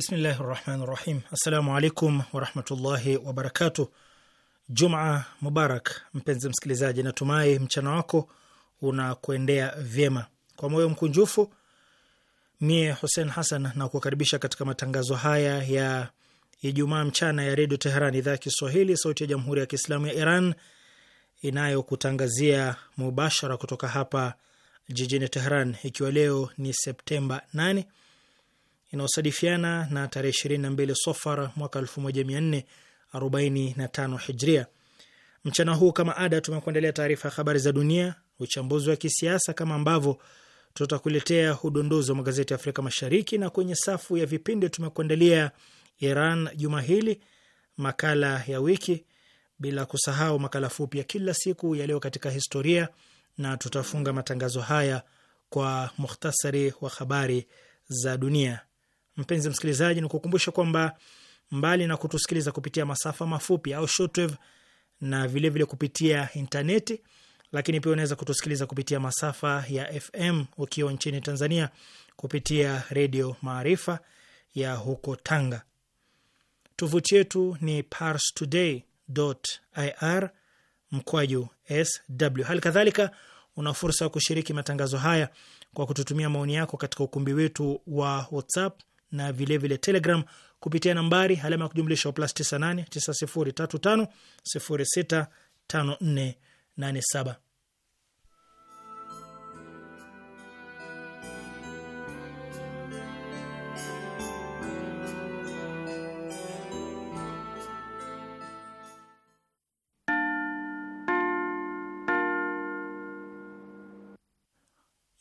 Bismillahi rahmani rahim. Assalamu alaikum warahmatullahi wabarakatu Juma mubarak, mpenzi msikilizaji, natumai mchana wako unakuendea vyema. Kwa moyo mkunjufu, mie Hussein Hassan na kukaribisha katika matangazo haya ya Ijumaa mchana ya Redio Teheran, idhaa ya Kiswahili, sauti ya Jamhuri ya Kiislamu ya Iran inayokutangazia mubashara kutoka hapa jijini Teheran, ikiwa leo ni Septemba 8 inayosadifiana na tarehe 22 Sofar mwaka 1445 Hijria. Mchana huu kama ada, tumekuandalia taarifa ya habari za dunia, uchambuzi wa kisiasa, kama ambavyo tutakuletea udondozi wa magazeti ya Afrika Mashariki, na kwenye safu ya vipindi tumekuandalia Iran juma hili, makala ya wiki, bila kusahau makala fupi ya kila siku ya leo katika historia, na tutafunga matangazo haya kwa muhtasari wa habari za dunia. Mpenzi msikilizaji, nikukumbusha kwamba mbali na kutusikiliza kupitia masafa mafupi au shortwave na vilevile vile kupitia intaneti, lakini pia unaweza kutusikiliza kupitia masafa ya FM ukiwa nchini Tanzania kupitia Redio Maarifa ya huko Tanga. Tovuti yetu ni parstoday.ir mkwaju sw. Hali kadhalika una fursa ya kushiriki matangazo haya kwa kututumia maoni yako katika ukumbi wetu wa WhatsApp na vilevile vile Telegram kupitia nambari alama ya kujumlisha wa plus 98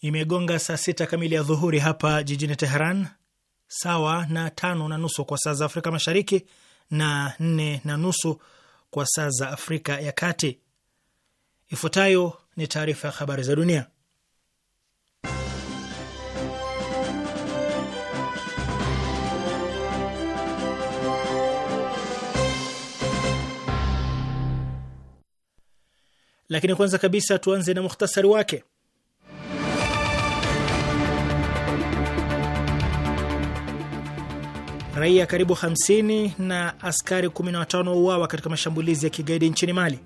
Imegonga saa sita kamili ya dhuhuri hapa jijini Teheran, sawa na tano na nusu kwa saa za Afrika Mashariki na nne na nusu kwa saa za Afrika ya Kati. Ifuatayo ni taarifa ya habari za dunia, lakini kwanza kabisa tuanze na muhtasari wake. raia karibu 50 na askari 15 wauawa katika mashambulizi ya kigaidi nchini Mali.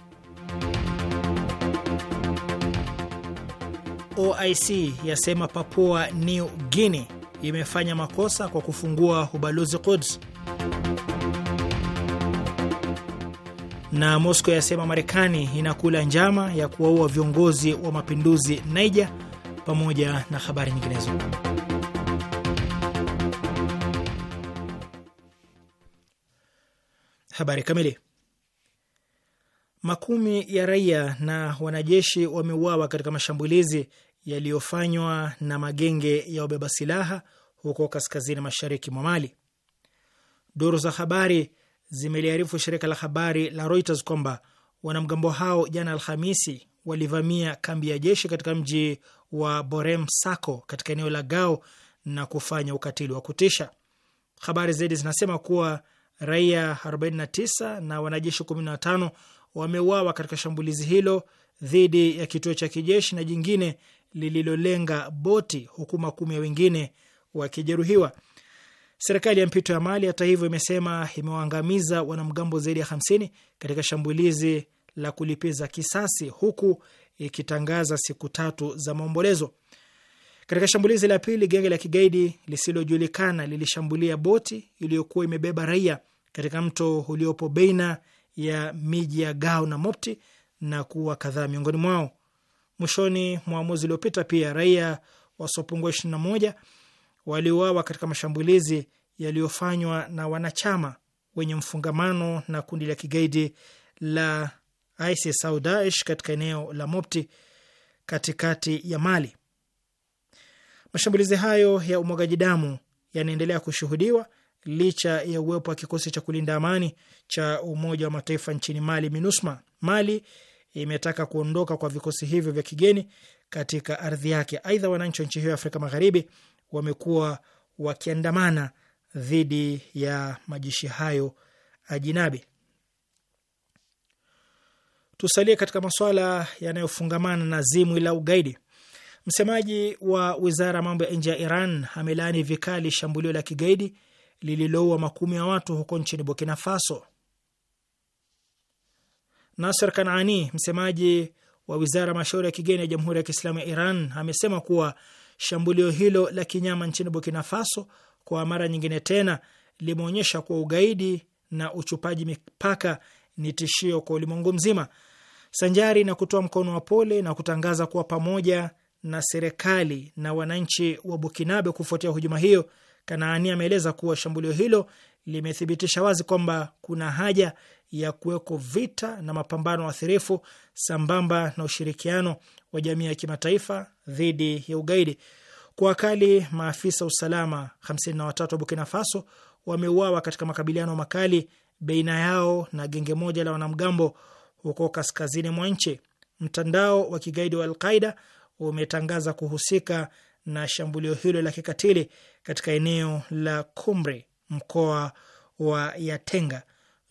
OIC yasema Papua New Guinea imefanya makosa kwa kufungua ubalozi Quds, na Moscow yasema Marekani inakula njama ya kuwaua viongozi wa mapinduzi Niger, pamoja na habari nyinginezo. Habari kamili. Makumi ya raia na wanajeshi wameuawa katika mashambulizi yaliyofanywa na magenge ya wabeba silaha huko kaskazini mashariki mwa Mali. Duru za habari zimeliarifu shirika la habari la Reuters kwamba wanamgambo hao jana Alhamisi walivamia kambi ya jeshi katika mji wa Borem Sako katika eneo la Gao na kufanya ukatili wa kutisha. Habari zaidi zinasema kuwa raia 49 na wanajeshi 15 wameuawa katika shambulizi hilo dhidi ya kituo cha kijeshi na jingine lililolenga boti, huku makumi ya wengine wakijeruhiwa. Serikali ya mpito ya Mali hata hivyo imesema imewaangamiza wanamgambo zaidi ya 50 katika shambulizi la kulipiza kisasi, huku ikitangaza siku tatu za maombolezo. Katika shambulizi la pili, genge la kigaidi lisilojulikana lilishambulia boti iliyokuwa imebeba raia katika mto uliopo baina ya miji ya Gao na Mopti na kuwa kadhaa miongoni mwao. Mwishoni mwa mwezi uliopita, pia raia wasiopungua ishirini na moja waliuawa katika mashambulizi yaliyofanywa na wanachama wenye mfungamano na kundi la kigaidi la ISIS au Daesh katika eneo la Mopti katikati ya Mali. Mashambulizi hayo ya umwagaji damu yanaendelea kushuhudiwa licha ya uwepo wa kikosi cha kulinda amani cha Umoja wa Mataifa nchini Mali, MINUSMA. Mali imetaka kuondoka kwa vikosi hivyo vya kigeni katika ardhi yake. Aidha, wananchi wa nchi hiyo ya Afrika Magharibi wamekuwa wakiandamana dhidi ya majeshi hayo ajinabi. Tusalie katika masuala yanayofungamana na zimwi la ugaidi. Msemaji wa wizara ya mambo ya nje ya Iran amelaani vikali shambulio la kigaidi lililoua makumi ya watu huko nchini Burkina Faso. Nasser Kanani, msemaji wa wizara ya mashauri ya kigeni ya Jamhuri ya Kiislamu ya Iran, amesema kuwa shambulio hilo la kinyama nchini Burkina Faso kwa mara nyingine tena limeonyesha kuwa ugaidi na uchupaji mipaka ni tishio kwa ulimwengu mzima, sanjari na kutoa mkono wa pole na kutangaza kuwa pamoja na serikali na wananchi wa Bukinabe kufuatia hujuma hiyo, Kanaani ameeleza kuwa shambulio hilo limethibitisha wazi kwamba kuna haja ya kuweko vita na mapambano athirifu sambamba na ushirikiano wa jamii ya kimataifa dhidi ya ugaidi. Kwa wakali maafisa usalama 53 wa Burkina Faso wameuawa katika makabiliano makali baina yao na genge moja la wanamgambo huko kaskazini mwa nchi. Mtandao wa kigaidi wa Alqaida umetangaza kuhusika na shambulio hilo la kikatili katika eneo la Kumri, mkoa wa Yatenga.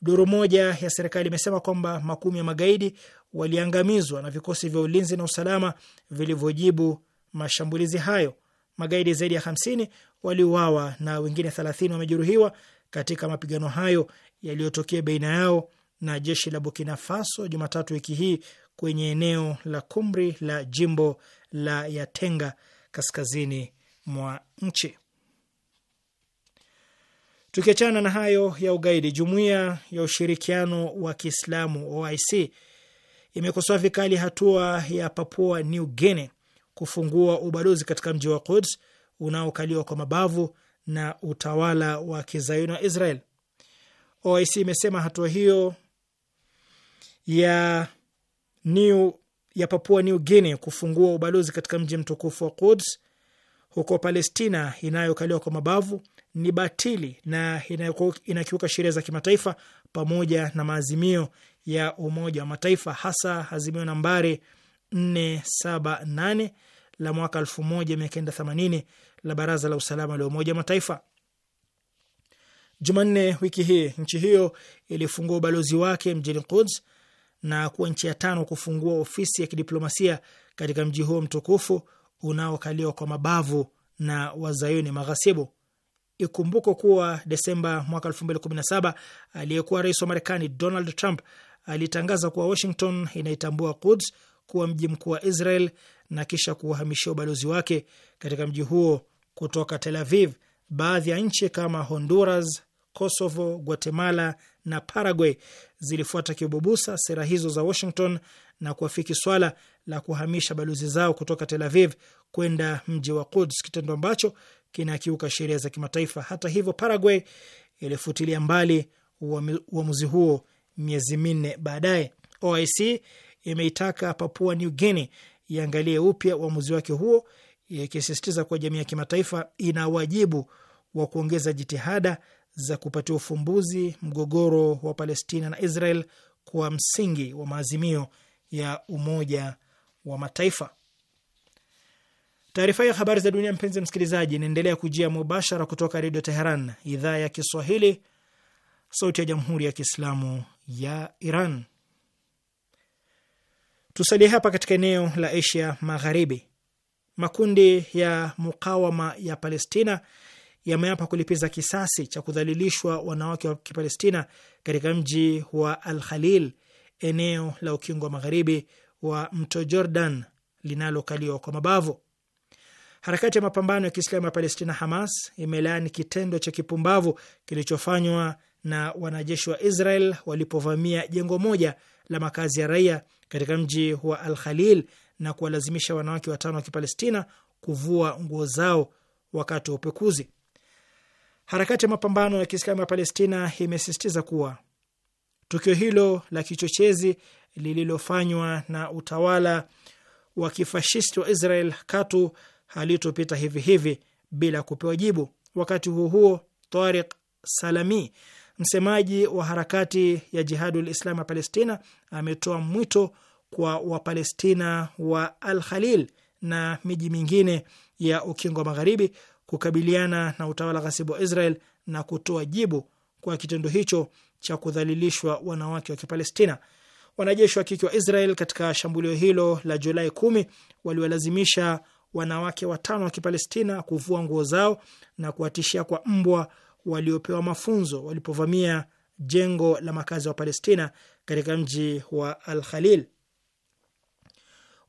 Duru moja ya serikali imesema kwamba makumi ya magaidi waliangamizwa na vikosi vya ulinzi na usalama vilivyojibu mashambulizi hayo. Magaidi zaidi ya hamsini waliuawa na wengine thelathini wamejeruhiwa katika mapigano hayo yaliyotokea baina yao na jeshi la Burkina Faso Jumatatu wiki hii kwenye eneo la Kumri la jimbo la Yatenga kaskazini mwa nchi. Tukiachana na hayo ya ugaidi, jumuiya ya ushirikiano wa Kiislamu OIC imekosoa vikali hatua ya Papua New Guinea kufungua ubalozi katika mji wa Quds unaokaliwa kwa mabavu na utawala wa kizayuni wa Israel. OIC imesema hatua hiyo ya New ya Papua New Guinea kufungua ubalozi katika mji mtukufu wa Quds huko Palestina inayokaliwa kwa mabavu ni batili na inakiuka sheria za kimataifa pamoja na maazimio ya Umoja wa Mataifa, hasa azimio nambari 478 la mwaka 1980 la Baraza la Usalama la Umoja wa Mataifa. Jumanne wiki hii nchi hiyo ilifungua ubalozi wake mjini Quds na kuwa nchi ya tano kufungua ofisi ya kidiplomasia katika mji huo mtukufu unaokaliwa kwa mabavu na wazayuni maghasibu. Ikumbuko kuwa Desemba mwaka 2017 aliyekuwa rais wa Marekani Donald Trump alitangaza kuwa Washington inaitambua Quds kuwa mji mkuu wa Israel na kisha kuuhamishia ubalozi wake katika mji huo kutoka Tel Aviv. Baadhi ya nchi kama Honduras, Kosovo, Guatemala na Paraguay zilifuata kibubusa sera hizo za Washington na kuafiki swala la kuhamisha balozi zao kutoka Tel Aviv kwenda mji wa Quds, kitendo ambacho kinakiuka sheria za kimataifa. Hata hivyo, Paraguay ilifutilia mbali uamuzi huo miezi minne baadaye. OIC imeitaka Papua New Guinea iangalie upya uamuzi wake huo, ikisisitiza kuwa jamii ya kimataifa ina wajibu wa kuongeza jitihada za kupatia ufumbuzi mgogoro wa Palestina na Israel kwa msingi wa maazimio ya Umoja wa Mataifa. Taarifa ya habari za dunia, mpenzi msikilizaji, inaendelea kujia mubashara kutoka Redio Teheran, idhaa ya Kiswahili, sauti ya Jamhuri ya Kiislamu ya Iran. Tusalie hapa katika eneo la Asia Magharibi. Makundi ya mukawama ya Palestina yameapa kulipiza kisasi cha kudhalilishwa wanawake wa Kipalestina katika mji wa Al Khalil, eneo la ukingo wa magharibi wa mto Jordan linalokaliwa kwa mabavu. Harakati ya mapambano ya Kiislamu ya Palestina, Hamas, imelaani kitendo cha kipumbavu kilichofanywa na wanajeshi wa Israel walipovamia jengo moja la makazi ya raia katika mji wa Al Khalil na kuwalazimisha wanawake watano wa Kipalestina kuvua nguo zao wakati wa upekuzi. Harakati ya mapambano ya Kiislamu ya Palestina imesisitiza kuwa tukio hilo la kichochezi lililofanywa na utawala wa kifashisti wa Israel katu halitopita hivi hivi bila kupewa jibu. Wakati huo huo, Tariq Salami, msemaji wa harakati ya Jihadul Islam ya Palestina, ametoa mwito kwa Wapalestina wa Al Khalil na miji mingine ya Ukingo wa Magharibi kukabiliana na utawala ghasibu wa Israel na kutoa jibu kwa kitendo hicho cha kudhalilishwa wanawake wa Kipalestina. Wanajeshi wa kike wa Israel katika shambulio hilo la Julai kumi waliwalazimisha wanawake watano wa Kipalestina kuvua nguo zao na kuwatishia kwa mbwa waliopewa mafunzo walipovamia jengo la makazi wa Palestina katika mji wa Al Khalil.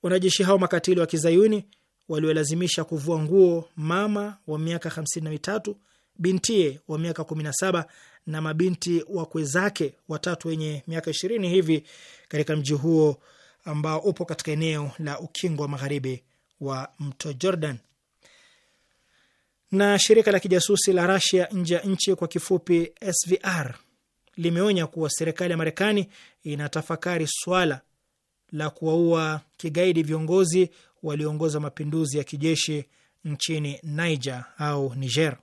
Wanajeshi hao makatili wa kizayuni waliolazimisha kuvua nguo mama wa miaka hamsini na mitatu, bintie wa miaka kumi na saba na mabinti wakwe zake watatu wenye miaka ishirini hivi katika mji huo ambao upo katika eneo la ukingo wa magharibi wa mto Jordan. Na shirika la kijasusi la Rasia nje ya nchi kwa kifupi SVR limeonya kuwa serikali ya Marekani inatafakari swala la kuwaua kigaidi viongozi walioongoza mapinduzi ya kijeshi nchini Niger au Niger.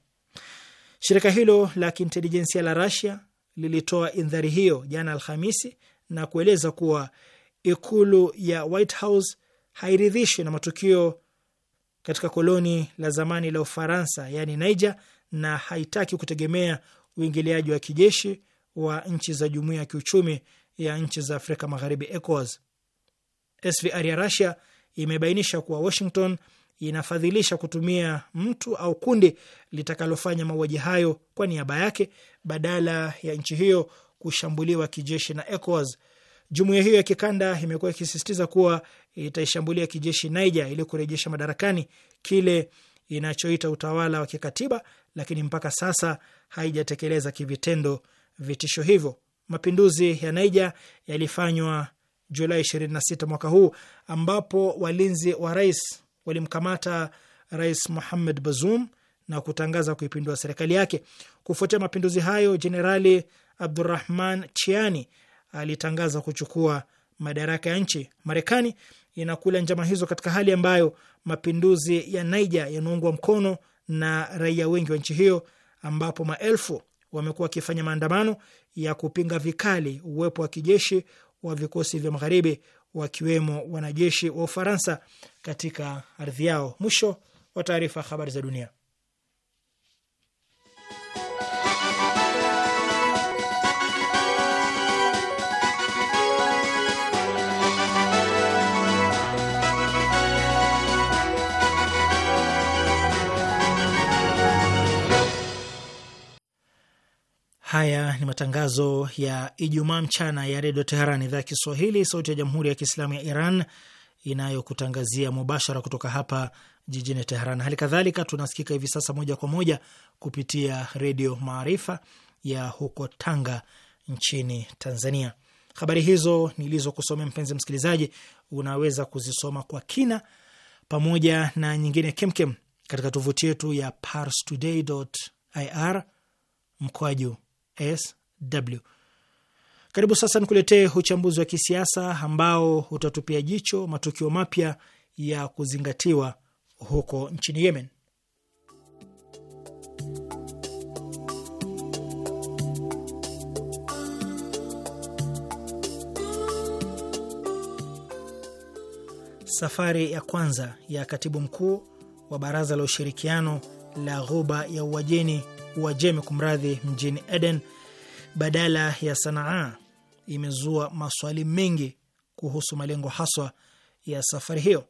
Shirika hilo la kiintelijensia la Rasia lilitoa indhari hiyo jana Alhamisi na kueleza kuwa ikulu ya White House hairidhishwi na matukio katika koloni la zamani la Ufaransa yaani Niger, na haitaki kutegemea uingiliaji wa kijeshi wa nchi za jumuiya ya kiuchumi ya nchi za Afrika Magharibi, ECOWAS. SVR ya Rasia imebainisha kuwa Washington inafadhilisha kutumia mtu au kundi litakalofanya mauaji hayo kwa niaba yake badala ya nchi hiyo kushambuliwa kijeshi na ECOWAS. Jumuiya hiyo ya kikanda imekuwa ikisisitiza kuwa itaishambulia kijeshi Niger ili kurejesha madarakani kile inachoita utawala wa kikatiba, lakini mpaka sasa haijatekeleza kivitendo vitisho hivyo. Mapinduzi ya Niger yalifanywa Julai 26 mwaka huu, ambapo walinzi wa rais walimkamata Rais Mohamed Bazoum na kutangaza kuipindua serikali yake. Kufuatia mapinduzi hayo, Jenerali Abdurahman Chiani alitangaza kuchukua madaraka ya nchi. Marekani inakula njama hizo katika hali ambayo mapinduzi ya Naija yanaungwa mkono na raia wengi wa nchi hiyo, ambapo maelfu wamekuwa wakifanya maandamano ya kupinga vikali uwepo wa kijeshi wa vikosi vya magharibi wakiwemo wanajeshi wa Ufaransa katika ardhi yao. Mwisho wa taarifa. Habari za dunia. Haya ni matangazo ya Ijumaa mchana ya redio Teheran, idhaa ya Kiswahili, sauti ya jamhuri ya kiislamu ya Iran inayokutangazia mubashara kutoka hapa jijini Teheran. Hali kadhalika tunasikika hivi sasa moja kwa moja kupitia redio Maarifa ya huko Tanga nchini Tanzania. Habari hizo nilizokusomea, mpenzi msikilizaji, unaweza kuzisoma kwa kina pamoja na nyingine kemkem katika tovuti yetu ya parstoday.ir juu SW. Karibu sasa nikuletee uchambuzi wa kisiasa ambao utatupia jicho matukio mapya ya kuzingatiwa huko nchini Yemen. Safari ya kwanza ya katibu mkuu wa baraza la ushirikiano la Ghuba ya Uajeni Uajemi kumradhi, mjini Eden badala ya Sanaa imezua maswali mengi kuhusu malengo haswa ya safari hiyo.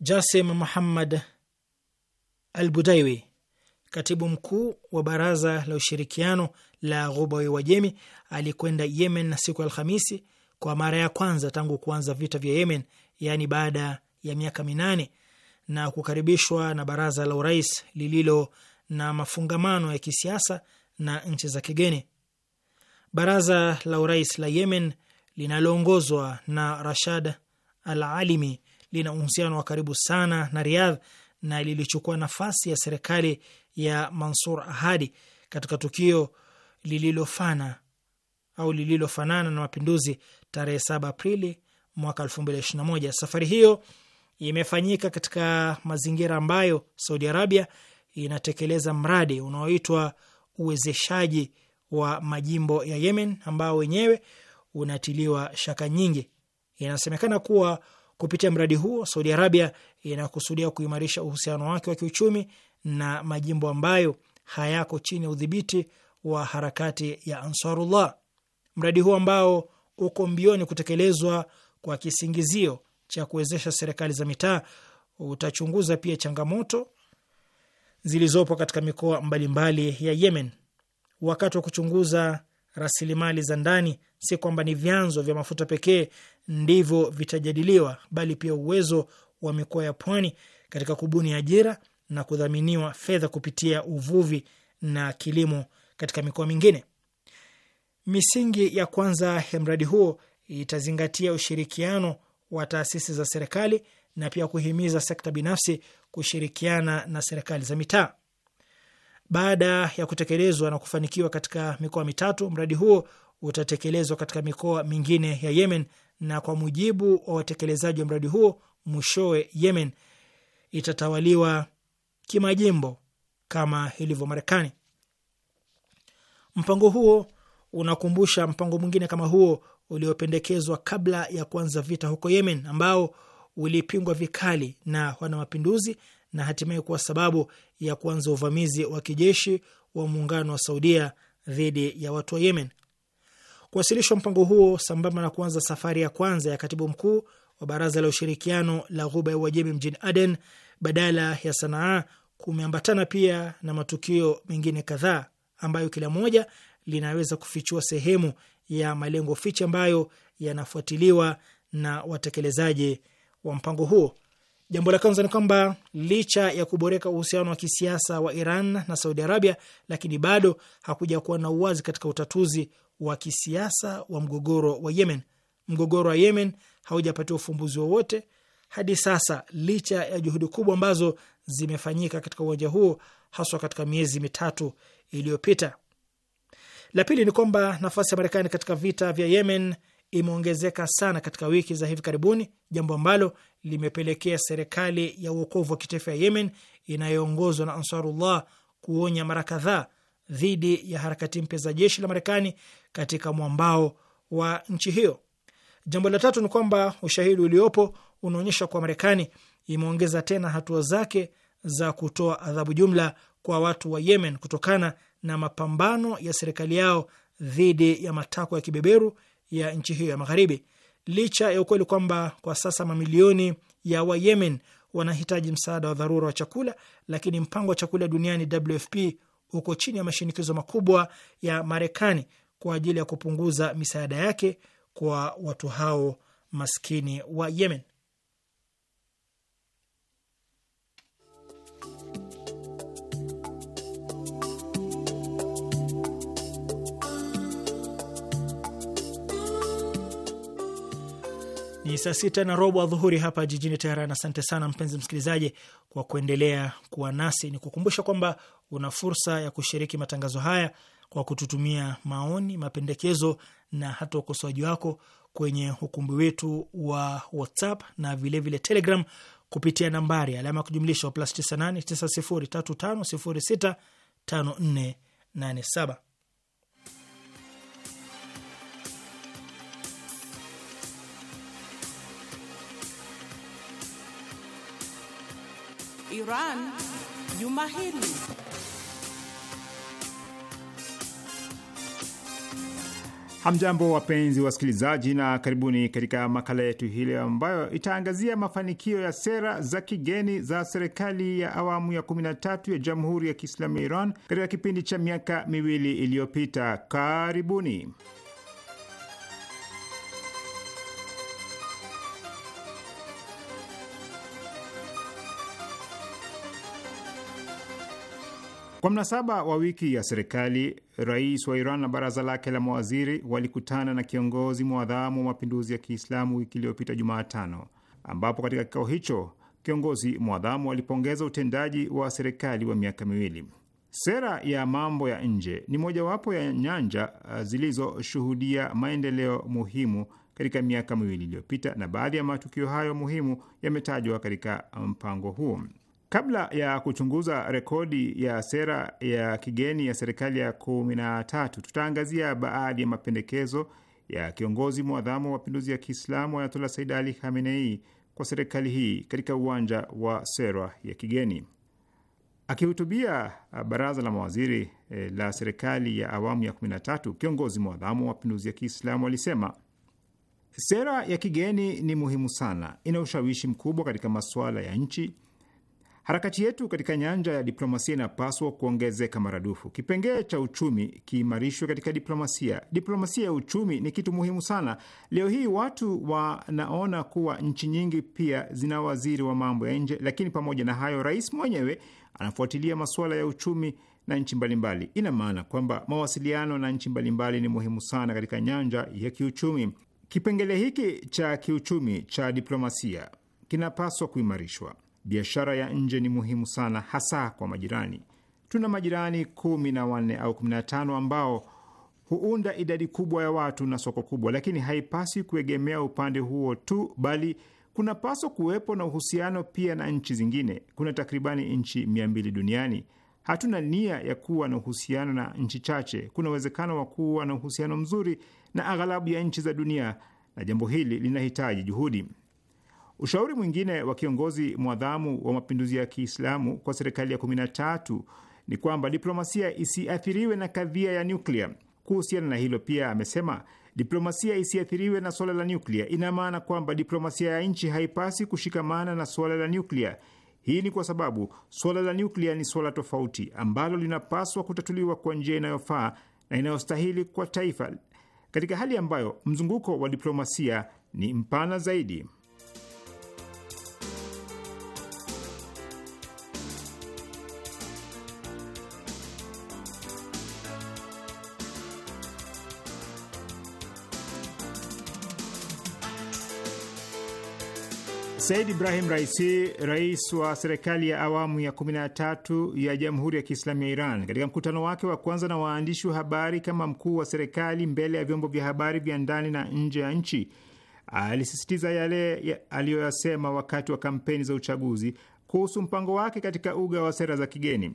Jasim Muhammad Al Budaiwi, katibu mkuu wa baraza la ushirikiano la Ghuba ya Uajemi, alikwenda Yemen na siku ya Alhamisi kwa mara ya kwanza tangu kuanza vita vya Yemen, yaani baada ya miaka minane na kukaribishwa na baraza la urais lililo na mafungamano ya kisiasa na nchi za kigeni. Baraza la urais la Yemen linaloongozwa na Rashad Al Alimi lina uhusiano wa karibu sana na Riyadh na lilichukua nafasi ya serikali ya Mansur Ahadi katika tukio lililofana au lililofanana na mapinduzi tarehe 7 Aprili mwaka 2021. Safari hiyo imefanyika katika mazingira ambayo Saudi Arabia inatekeleza mradi unaoitwa uwezeshaji wa majimbo ya Yemen ambao wenyewe unatiliwa shaka nyingi. Inasemekana kuwa kupitia mradi huo Saudi Arabia inakusudia kuimarisha uhusiano wake wa kiuchumi na majimbo ambayo hayako chini ya udhibiti wa harakati ya Ansarullah. Mradi huo ambao uko mbioni kutekelezwa kwa kisingizio cha kuwezesha serikali za mitaa utachunguza pia changamoto zilizopo katika mikoa mbalimbali ya Yemen. Wakati wa kuchunguza rasilimali za ndani, si kwamba ni vyanzo vya mafuta pekee ndivyo vitajadiliwa, bali pia uwezo wa mikoa ya pwani katika kubuni ajira na kudhaminiwa fedha kupitia uvuvi na kilimo katika mikoa mingine. Misingi ya kwanza ya mradi huo itazingatia ushirikiano wa taasisi za serikali na pia kuhimiza sekta binafsi kushirikiana na serikali za mitaa. Baada ya kutekelezwa na kufanikiwa katika mikoa mitatu, mradi huo utatekelezwa katika mikoa mingine ya Yemen, na kwa mujibu wa watekelezaji wa mradi huo, mwishowe Yemen itatawaliwa kimajimbo kama ilivyo Marekani. Mpango huo unakumbusha mpango mwingine kama huo uliopendekezwa kabla ya kuanza vita huko Yemen, ambao ulipingwa vikali na wanamapinduzi na hatimaye kuwa sababu ya kuanza uvamizi wa kijeshi wa muungano wa Saudia dhidi ya watu wa Yemen. Kuwasilishwa mpango huo sambamba na kuanza safari ya kwanza ya katibu mkuu wa Baraza la Ushirikiano la Ghuba ya Uajemi mjini Aden badala ya Sanaa kumeambatana pia na matukio mengine kadhaa ambayo kila moja linaweza kufichua sehemu ya malengo fiche ambayo yanafuatiliwa na watekelezaji wa mpango huo. Jambo la kwanza ni kwamba licha ya kuboreka uhusiano wa kisiasa wa Iran na Saudi Arabia, lakini bado hakuja kuwa na uwazi katika utatuzi wa kisiasa wa mgogoro wa Yemen. Mgogoro wa Yemen haujapatiwa ufumbuzi wowote hadi sasa, licha ya juhudi kubwa ambazo zimefanyika katika uwanja huo, haswa katika miezi mitatu iliyopita. La pili ni kwamba nafasi ya Marekani katika vita vya Yemen imeongezeka sana katika wiki za hivi karibuni, jambo ambalo limepelekea serikali ya uokovu wa kitaifa ya Yemen inayoongozwa na Ansarullah kuonya mara kadhaa dhidi ya harakati mpya za jeshi la Marekani katika mwambao wa nchi hiyo. Jambo la tatu ni kwamba ushahidi uliopo unaonyesha kuwa Marekani imeongeza tena hatua zake za kutoa adhabu jumla kwa watu wa Yemen kutokana na mapambano ya serikali yao dhidi ya matakwa ya kibeberu ya nchi hiyo ya Magharibi, licha ya ukweli kwamba kwa sasa mamilioni ya Wayemen wanahitaji msaada wa dharura wa chakula, lakini mpango wa chakula duniani WFP uko chini ya mashinikizo makubwa ya Marekani kwa ajili ya kupunguza misaada yake kwa watu hao maskini wa Yemen. Ni saa sita na robo adhuhuri hapa jijini Teheran. Asante sana mpenzi msikilizaji kwa kuendelea kuwa nasi. Ni kukumbusha kwamba una fursa ya kushiriki matangazo haya kwa kututumia maoni, mapendekezo na hata ukosoaji wako kwenye ukumbi wetu wa WhatsApp na vilevile vile Telegram kupitia nambari alama ya kujumlisha plus 989035065487. Iran juma hili. Hamjambo, wapenzi wasikilizaji, na karibuni katika makala yetu hili ambayo itaangazia mafanikio ya sera za kigeni za serikali ya awamu ya 13 ya Jamhuri ya Kiislamu ya Iran katika kipindi cha miaka miwili iliyopita. Karibuni. Kwa mnasaba wa wiki ya serikali, rais wa Iran na baraza lake la mawaziri walikutana na kiongozi mwadhamu wa mapinduzi ya Kiislamu wiki iliyopita Jumatano, ambapo katika kikao hicho kiongozi mwadhamu alipongeza utendaji wa serikali wa miaka miwili. Sera ya mambo ya nje ni mojawapo ya nyanja uh, zilizoshuhudia maendeleo muhimu katika miaka miwili iliyopita, na baadhi ya matukio hayo muhimu yametajwa katika mpango huo. Kabla ya kuchunguza rekodi ya sera ya kigeni ya serikali ya kumi na tatu, tutaangazia baadhi ya mapendekezo ya kiongozi mwadhamu wa mapinduzi ya Kiislamu Ayatola Said Ali Khamenei kwa serikali hii katika uwanja wa sera ya kigeni. Akihutubia baraza la mawaziri eh, la serikali ya awamu ya tatu, kiongozi mwadhamu wa mapinduzi ya Kiislamu alisema sera ya kigeni ni muhimu sana, ina ushawishi mkubwa katika masuala ya nchi Harakati yetu katika nyanja ya diplomasia inapaswa kuongezeka maradufu. Kipengee cha uchumi kiimarishwe katika diplomasia. Diplomasia ya uchumi ni kitu muhimu sana. Leo hii watu wanaona kuwa nchi nyingi pia zina waziri wa mambo ya nje, lakini pamoja na hayo, rais mwenyewe anafuatilia masuala ya uchumi na nchi mbalimbali. Ina maana kwamba mawasiliano na nchi mbalimbali ni muhimu sana katika nyanja ya kiuchumi. Kipengele hiki cha kiuchumi cha diplomasia kinapaswa kuimarishwa biashara ya nje ni muhimu sana, hasa kwa majirani. Tuna majirani kumi na wanne au kumi na tano ambao huunda idadi kubwa ya watu na soko kubwa, lakini haipaswi kuegemea upande huo tu, bali kunapaswa kuwepo na uhusiano pia na nchi zingine. Kuna takribani nchi mia mbili duniani. Hatuna nia ya kuwa na uhusiano na nchi chache. Kuna uwezekano wa kuwa na uhusiano mzuri na aghalabu ya nchi za dunia, na jambo hili linahitaji juhudi. Ushauri mwingine wa kiongozi mwadhamu wa mapinduzi ya Kiislamu kwa serikali ya kumi na tatu ni kwamba diplomasia isiathiriwe na kadhia ya nyuklia. Kuhusiana na hilo pia amesema diplomasia isiathiriwe na suala la nyuklia. Ina maana kwamba diplomasia ya nchi haipasi kushikamana na suala la nyuklia. Hii ni kwa sababu suala la nyuklia ni suala tofauti ambalo linapaswa kutatuliwa kwa njia inayofaa na inayostahili kwa taifa, katika hali ambayo mzunguko wa diplomasia ni mpana zaidi. Said Ibrahim Raisi, rais wa serikali ya awamu ya 13 ya Jamhuri ya Kiislamu ya Iran, katika mkutano wake wa kwanza na waandishi wa habari kama mkuu wa serikali mbele ya vyombo vya habari vya ndani na nje ya nchi, alisisitiza yale aliyoyasema wakati wa kampeni za uchaguzi kuhusu mpango wake katika uga wa sera za kigeni.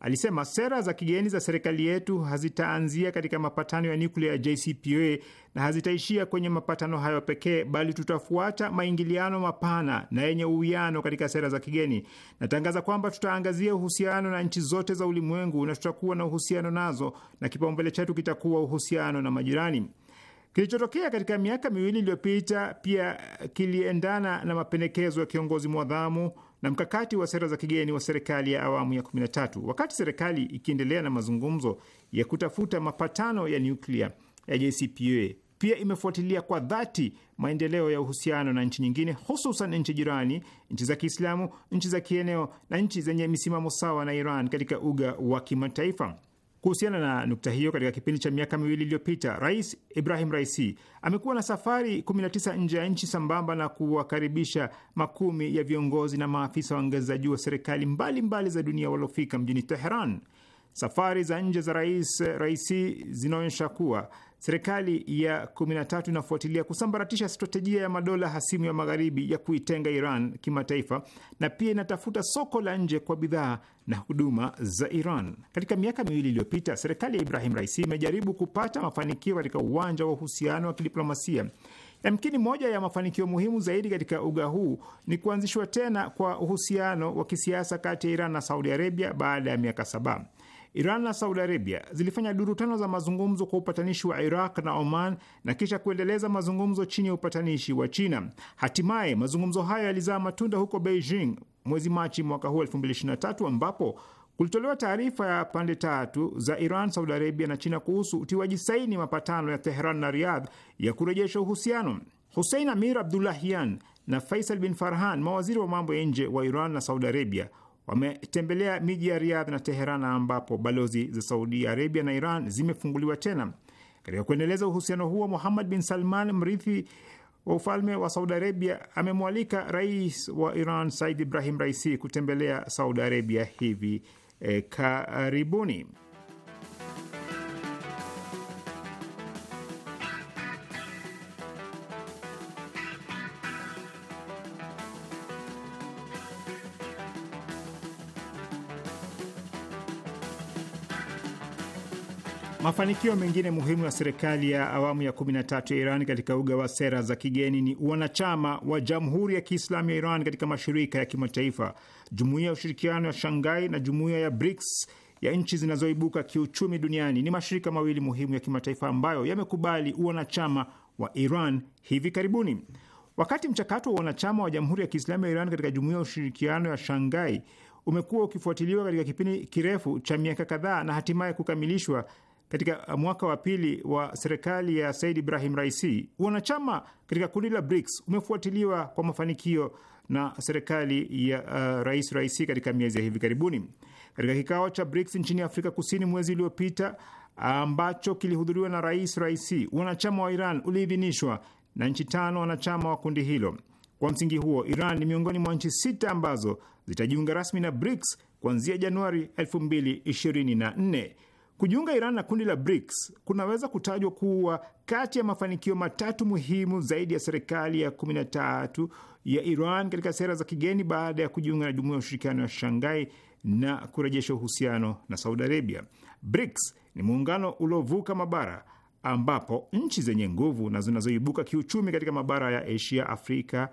Alisema sera za kigeni za serikali yetu hazitaanzia katika mapatano ya nyuklia ya JCPOA na hazitaishia kwenye mapatano hayo pekee, bali tutafuata maingiliano mapana na yenye uwiano katika sera za kigeni. Natangaza kwamba tutaangazia uhusiano na nchi zote za ulimwengu na tutakuwa na uhusiano nazo, na kipaumbele chetu kitakuwa uhusiano na majirani. Kilichotokea katika miaka miwili iliyopita pia kiliendana na mapendekezo ya kiongozi mwadhamu na mkakati wa sera za kigeni wa serikali ya awamu ya 13. Wakati serikali ikiendelea na mazungumzo ya kutafuta mapatano ya nyuklia ya JCPOA, pia imefuatilia kwa dhati maendeleo ya uhusiano na nchi nyingine, hususan nchi jirani, nchi za Kiislamu, nchi za kieneo na nchi zenye misimamo sawa na Iran katika uga wa kimataifa. Kuhusiana na nukta hiyo, katika kipindi cha miaka miwili iliyopita, Rais Ibrahim Raisi amekuwa na safari 19 nje ya nchi sambamba na kuwakaribisha makumi ya viongozi na maafisa wa ngazi za juu wa serikali mbalimbali mbali za dunia waliofika mjini Teheran. Safari za nje za Rais Raisi zinaonyesha kuwa serikali ya 13 inafuatilia kusambaratisha stratejia ya madola hasimu ya magharibi ya kuitenga Iran kimataifa na pia inatafuta soko la nje kwa bidhaa na huduma za Iran. Katika miaka miwili iliyopita, serikali ya Ibrahim Raisi imejaribu kupata mafanikio katika uwanja wa uhusiano wa kidiplomasia. Yamkini moja ya mafanikio muhimu zaidi katika uga huu ni kuanzishwa tena kwa uhusiano wa kisiasa kati ya Iran na Saudi Arabia baada ya miaka saba. Iran na Saudi Arabia zilifanya duru tano za mazungumzo kwa upatanishi wa Iraq na Oman na kisha kuendeleza mazungumzo chini ya upatanishi wa China. Hatimaye mazungumzo hayo yalizaa matunda huko Beijing mwezi Machi mwaka huu 2023 ambapo kulitolewa taarifa ya pande tatu za Iran, Saudi Arabia na China kuhusu utiwaji saini mapatano ya Teheran na Riyadh ya kurejesha uhusiano. husein Amir Abdullahian na Faisal bin Farhan, mawaziri wa mambo ya nje wa Iran na Saudi Arabia, wametembelea miji ya Riyadh na Teheran ambapo balozi za Saudi Arabia na Iran zimefunguliwa tena. Katika kuendeleza uhusiano huo, Muhammad bin Salman, mrithi wa ufalme wa Saudi Arabia, amemwalika rais wa Iran Said Ibrahim Raisi kutembelea Saudi Arabia hivi eh, karibuni. Mafanikio mengine muhimu ya serikali ya awamu ya 13 ya Iran katika uga wa sera za kigeni ni wanachama wa Jamhuri ya Kiislamu ya Iran katika mashirika ya kimataifa, Jumuiya ya Ushirikiano ya Shanghai na Jumuiya ya BRICS ya nchi zinazoibuka kiuchumi duniani. Ni mashirika mawili muhimu ya kimataifa ambayo yamekubali uwanachama wa Iran hivi karibuni. Wakati mchakato wa wanachama wa Jamhuri ya Kiislamu ya Iran katika Jumuiya ya Ushirikiano ya Shanghai umekuwa ukifuatiliwa katika kipindi kirefu cha miaka kadhaa na hatimaye kukamilishwa katika mwaka wa pili wa serikali ya Said Ibrahim Raisi, wanachama katika kundi la BRICS umefuatiliwa kwa mafanikio na serikali ya uh, Rais Raisi katika miezi ya hivi karibuni. Katika kikao cha BRICS nchini Afrika Kusini mwezi uliopita ambacho kilihudhuriwa na Rais Raisi, wanachama wa Iran uliidhinishwa na nchi tano wanachama wa kundi hilo. Kwa msingi huo, Iran ni miongoni mwa nchi sita ambazo zitajiunga rasmi na BRICS kuanzia Januari 2024. Kujiunga Iran na kundi la BRICS kunaweza kutajwa kuwa kati ya mafanikio matatu muhimu zaidi ya serikali ya kumi na tatu ya Iran katika sera za kigeni baada ya kujiunga na jumuiya ya ushirikiano ya Shanghai na kurejesha uhusiano na Saudi Arabia. BRICS ni muungano uliovuka mabara ambapo nchi zenye nguvu na zinazoibuka kiuchumi katika mabara ya Asia, Afrika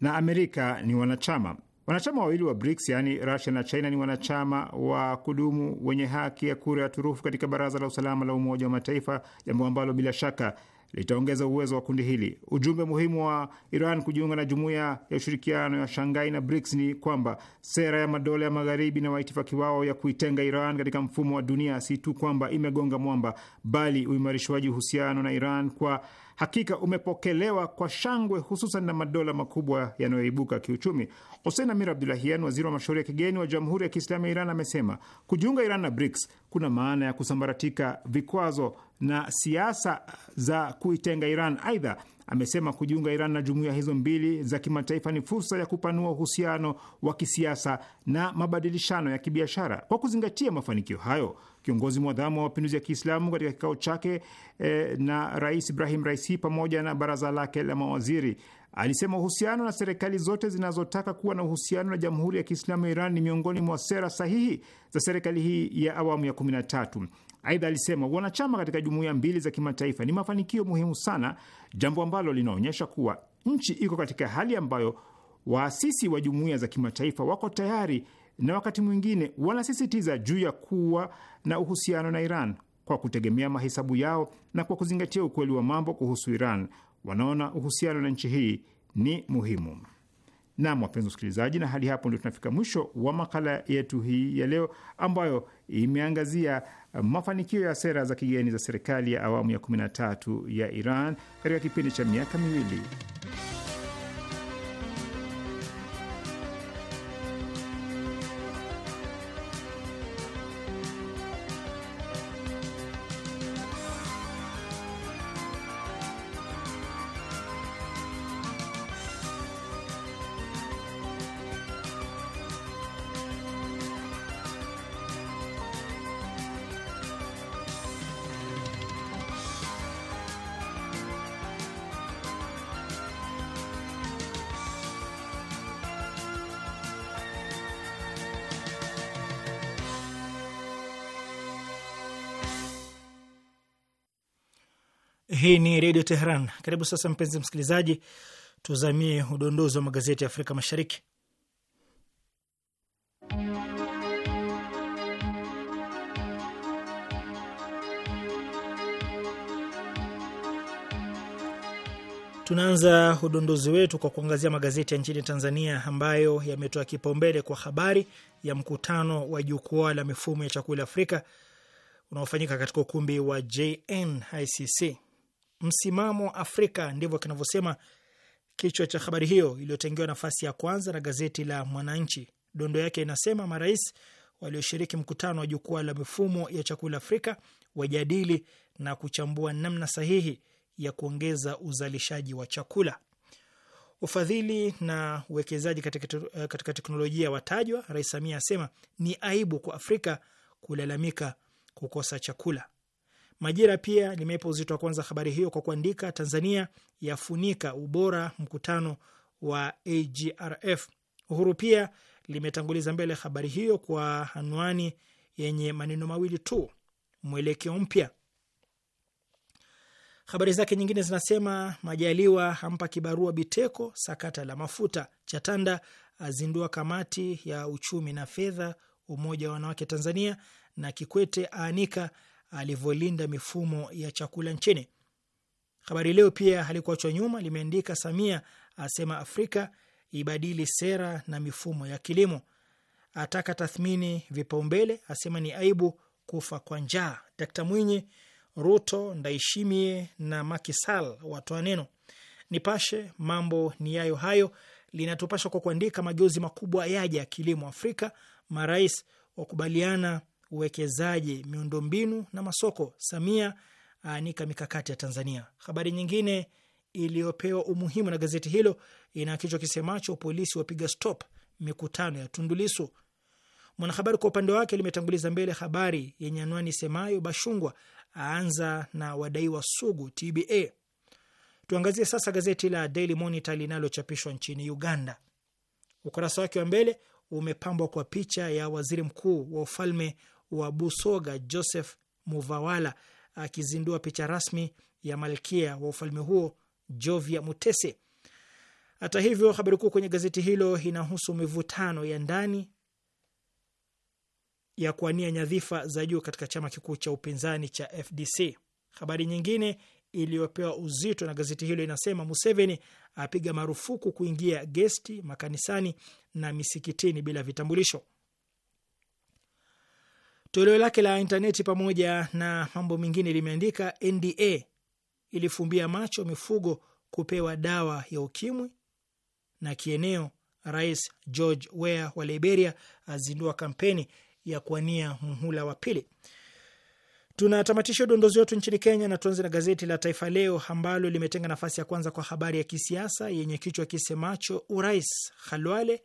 na Amerika ni wanachama. Wanachama wawili wa BRICS yaani Rusia na China ni wanachama wa kudumu wenye haki ya kura ya turufu katika Baraza la Usalama la Umoja wa Mataifa, jambo ambalo bila shaka litaongeza uwezo wa kundi hili. Ujumbe muhimu wa Iran kujiunga na Jumuiya ya Ushirikiano ya shangai na BRICS ni kwamba sera ya madola ya Magharibi na waitifaki wao ya kuitenga Iran katika mfumo wa dunia si tu kwamba imegonga mwamba, bali uimarishwaji uhusiano na Iran kwa hakika umepokelewa kwa shangwe, hususan na madola makubwa yanayoibuka kiuchumi. Hussein Amir Abdulahian, waziri wa mashauri ya kigeni wa Jamhuri ya Kiislamu ya Iran, amesema kujiunga Iran na BRICS kuna maana ya kusambaratika vikwazo na siasa za kuitenga Iran. Aidha, amesema kujiunga Iran na jumuiya hizo mbili za kimataifa ni fursa ya kupanua uhusiano wa kisiasa na mabadilishano ya kibiashara. Kwa kuzingatia mafanikio hayo, kiongozi mwadhamu wa mapinduzi ya Kiislamu katika kikao chake eh, na Rais Ibrahim Raisi pamoja na baraza lake la mawaziri alisema uhusiano na serikali zote zinazotaka kuwa na uhusiano na Jamhuri ya Kiislamu ya Iran ni miongoni mwa sera sahihi za serikali hii ya awamu ya 13. Aidha alisema wanachama katika jumuiya mbili za kimataifa ni mafanikio muhimu sana, jambo ambalo linaonyesha kuwa nchi iko katika hali ambayo waasisi wa jumuiya za kimataifa wako tayari na wakati mwingine wanasisitiza juu ya kuwa na uhusiano na Iran kwa kutegemea mahesabu yao na kwa kuzingatia ukweli wa mambo kuhusu Iran, wanaona uhusiano na nchi hii ni muhimu. Nam, wapenzi wasikilizaji, na hadi hapo ndio tunafika mwisho wa makala yetu hii ya leo ambayo imeangazia mafanikio ya sera za kigeni za serikali ya awamu ya 13 ya Iran katika kipindi cha miaka miwili. Hii ni Redio Teheran. Karibu sasa, mpenzi msikilizaji, tuzamie udondozi wa magazeti ya Afrika Mashariki. Tunaanza udondozi wetu kwa kuangazia magazeti ya nchini Tanzania ambayo yametoa kipaumbele kwa habari ya mkutano wa jukwaa la mifumo ya chakula Afrika unaofanyika katika ukumbi wa JNICC msimamo Afrika, ndivyo kinavyosema kichwa cha habari hiyo iliyotengewa nafasi ya kwanza na gazeti la Mwananchi. Dondo yake inasema marais walioshiriki mkutano wa jukwaa la mifumo ya chakula Afrika wajadili na kuchambua namna sahihi ya kuongeza uzalishaji wa chakula. Ufadhili na uwekezaji katika, eh, katika teknolojia watajwa. Rais Samia asema ni aibu kwa Afrika kulalamika kukosa chakula. Majira pia limeipa uzito wa kwanza habari hiyo kwa kuandika Tanzania yafunika ubora mkutano wa AGRF. Uhuru pia limetanguliza mbele habari hiyo kwa anwani yenye maneno mawili tu, mwelekeo mpya. Habari zake nyingine zinasema Majaliwa hampa kibarua Biteko, sakata la mafuta. Chatanda azindua kamati ya uchumi na fedha Umoja wa Wanawake Tanzania, na Kikwete aanika alivyolinda mifumo ya chakula nchini. Habari Leo pia halikuachwa nyuma, limeandika Samia asema Afrika ibadili sera na mifumo ya kilimo, ataka tathmini vipaumbele, asema ni aibu kufa kwa njaa. Dkt Mwinyi, Ruto, Ndaishimie na Makisal watoa neno. Nipashe mambo ni yayo hayo linatupasha kwa kuandika mageuzi makubwa yaja ya kilimo Afrika, marais wakubaliana uwekezaji, miundombinu na masoko. Samia aanika mikakati ya Tanzania. Habari nyingine iliyopewa umuhimu na gazeti hilo ina kichwa kisemacho polisi wapiga stop mikutano ya Tundulisu. Mwanahabari kwa upande wake limetanguliza mbele habari yenye anwani semayo Bashungwa aanza na wadaiwa sugu TBA. Tuangazie sasa gazeti la Daily Monitor linalochapishwa nchini Uganda. Ukurasa wake wa mbele umepambwa kwa picha ya waziri mkuu wa ufalme wa Busoga Joseph Muvawala akizindua picha rasmi ya malkia wa ufalme huo Jovia Mutese. Hata hivyo, habari kuu kwenye gazeti hilo inahusu mivutano ya ndani ya kuania nyadhifa za juu katika chama kikuu cha upinzani cha FDC. Habari nyingine iliyopewa uzito na gazeti hilo inasema Museveni apiga marufuku kuingia gesti makanisani na misikitini bila vitambulisho. Toleo lake la intaneti pamoja na mambo mengine limeandika NDA ilifumbia macho mifugo kupewa dawa ya ukimwi, na kieneo, Rais George Weah wa Liberia azindua kampeni ya kuwania muhula wa pili. Tunatamatisha udondozi wetu nchini Kenya na tuanze na gazeti la Taifa Leo ambalo limetenga nafasi ya kwanza kwa habari ya kisiasa yenye kichwa kisemacho urais Khalwale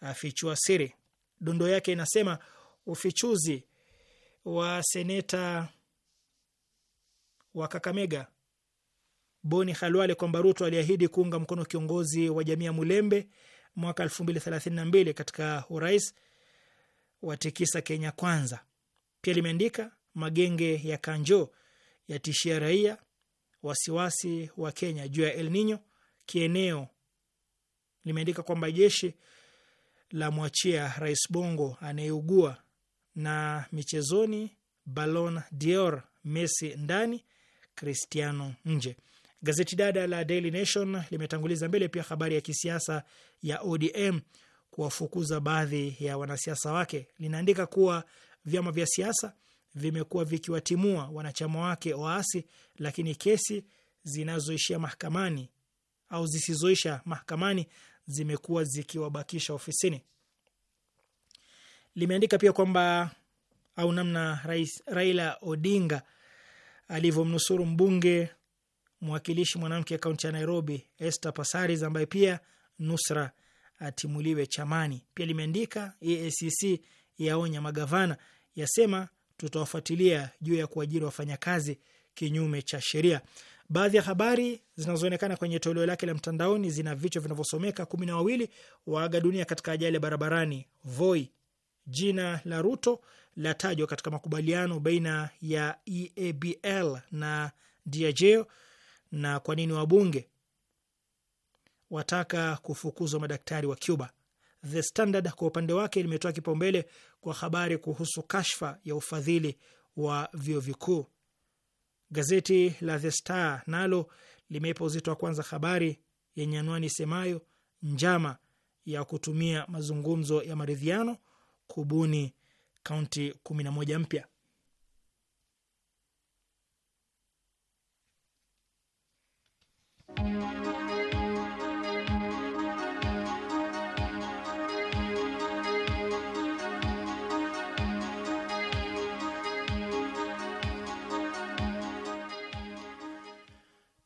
afichua siri. Dondo yake inasema ufichuzi wa seneta wa Kakamega Boni Khalwale kwamba Ruto aliahidi kuunga mkono kiongozi wa jamii ya Mulembe mwaka elfu mbili thelathini na mbili katika urais wa tikisa Kenya Kwanza. Pia limeandika magenge ya Kanjo yatishia raia, wasiwasi wa Kenya juu ya El Nino kieneo. Limeandika kwamba jeshi la mwachia Rais Bongo anayeugua na michezoni, Ballon d'Or Messi ndani, Cristiano nje. Gazeti dada la Daily Nation limetanguliza mbele pia habari ya kisiasa ya ODM kuwafukuza baadhi ya wanasiasa wake. Linaandika kuwa vyama vya siasa vimekuwa vikiwatimua wanachama wake waasi, lakini kesi zinazoishia mahakamani au zisizoisha mahakamani zimekuwa zikiwabakisha ofisini limeandika pia kwamba au namna Rais Raila Odinga alivyomnusuru mbunge mwakilishi mwanamke kaunti ya Nairobi Esther Pasaris, ambaye pia nusra atimuliwe chamani. Pia limeandika EACC yaonya magavana, yasema tutawafuatilia juu ya kuajiri wafanyakazi kinyume cha sheria. Baadhi ya habari zinazoonekana kwenye toleo lake la mtandaoni zina vichwa vinavyosomeka kumi na wawili waaga dunia katika ajali ya barabarani Voi, Jina la Ruto latajwa katika makubaliano baina ya EABL na Diageo. Na kwa nini wabunge wataka kufukuzwa madaktari wa Cuba? The Standard kwa upande wake limetoa kipaumbele kwa habari kuhusu kashfa ya ufadhili wa vyuo vikuu. Gazeti la The Star nalo limeipa uzito wa kwanza habari yenye anwani isemayo njama ya kutumia mazungumzo ya maridhiano kubuni kaunti kumi na moja mpya.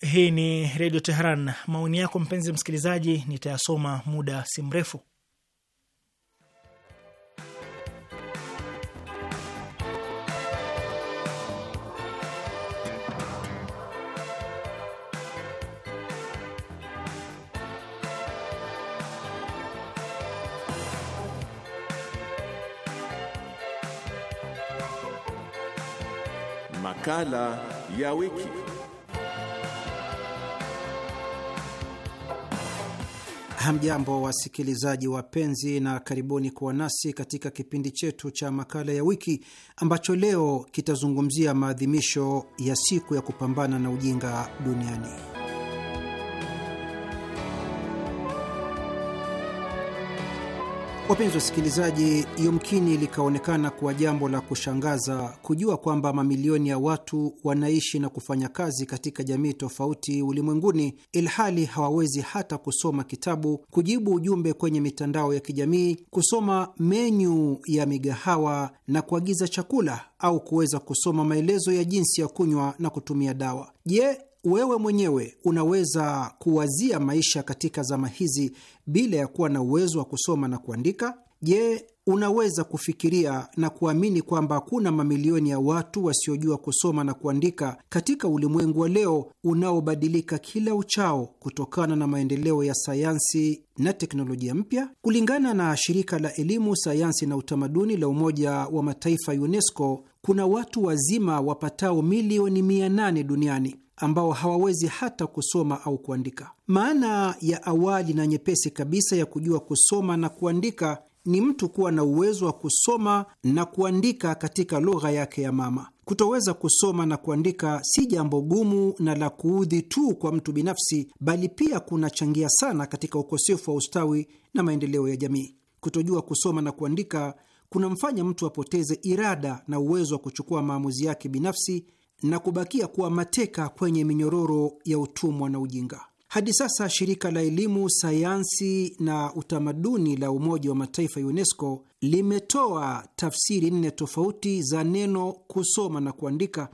Hii ni Redio Teheran. Maoni yako mpenzi msikilizaji, nitayasoma muda si mrefu. ya wiki. Hamjambo wasikilizaji wapenzi, na karibuni kuwa nasi katika kipindi chetu cha makala ya wiki ambacho leo kitazungumzia maadhimisho ya siku ya kupambana na ujinga duniani. Wapenzi wasikilizaji, yumkini likaonekana kuwa jambo la kushangaza kujua kwamba mamilioni ya watu wanaishi na kufanya kazi katika jamii tofauti ulimwenguni, ilhali hawawezi hata kusoma kitabu, kujibu ujumbe kwenye mitandao ya kijamii, kusoma menyu ya migahawa na kuagiza chakula, au kuweza kusoma maelezo ya jinsi ya kunywa na kutumia dawa. Je, wewe mwenyewe unaweza kuwazia maisha katika zama hizi bila ya kuwa na uwezo wa kusoma na kuandika? Je, unaweza kufikiria na kuamini kwamba hakuna mamilioni ya watu wasiojua kusoma na kuandika katika ulimwengu wa leo unaobadilika kila uchao kutokana na maendeleo ya sayansi na teknolojia mpya? Kulingana na shirika la elimu, sayansi na utamaduni la Umoja wa Mataifa, UNESCO, kuna watu wazima wapatao milioni 8 duniani ambao hawawezi hata kusoma au kuandika. Maana ya awali na nyepesi kabisa ya kujua kusoma na kuandika ni mtu kuwa na uwezo wa kusoma na kuandika katika lugha yake ya mama. Kutoweza kusoma na kuandika si jambo gumu na la kuudhi tu kwa mtu binafsi, bali pia kunachangia sana katika ukosefu wa ustawi na maendeleo ya jamii. Kutojua kusoma na kuandika kunamfanya mtu apoteze irada na uwezo wa kuchukua maamuzi yake binafsi na kubakia kuwa mateka kwenye minyororo ya utumwa na ujinga. Hadi sasa shirika la elimu, sayansi na utamaduni la Umoja wa Mataifa, UNESCO, limetoa tafsiri nne tofauti za neno kusoma na kuandika,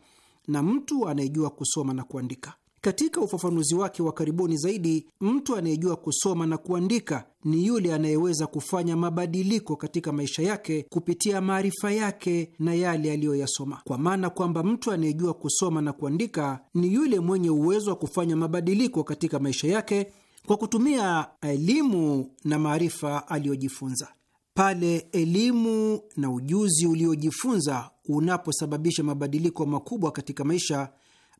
na mtu anayejua kusoma na kuandika katika ufafanuzi wake wa karibuni zaidi, mtu anayejua kusoma na kuandika ni yule anayeweza kufanya mabadiliko katika maisha yake kupitia maarifa yake na yale aliyoyasoma, kwa maana kwamba mtu anayejua kusoma na kuandika ni yule mwenye uwezo wa kufanya mabadiliko katika maisha yake kwa kutumia elimu na maarifa aliyojifunza. Pale elimu na ujuzi uliojifunza unaposababisha mabadiliko makubwa katika maisha,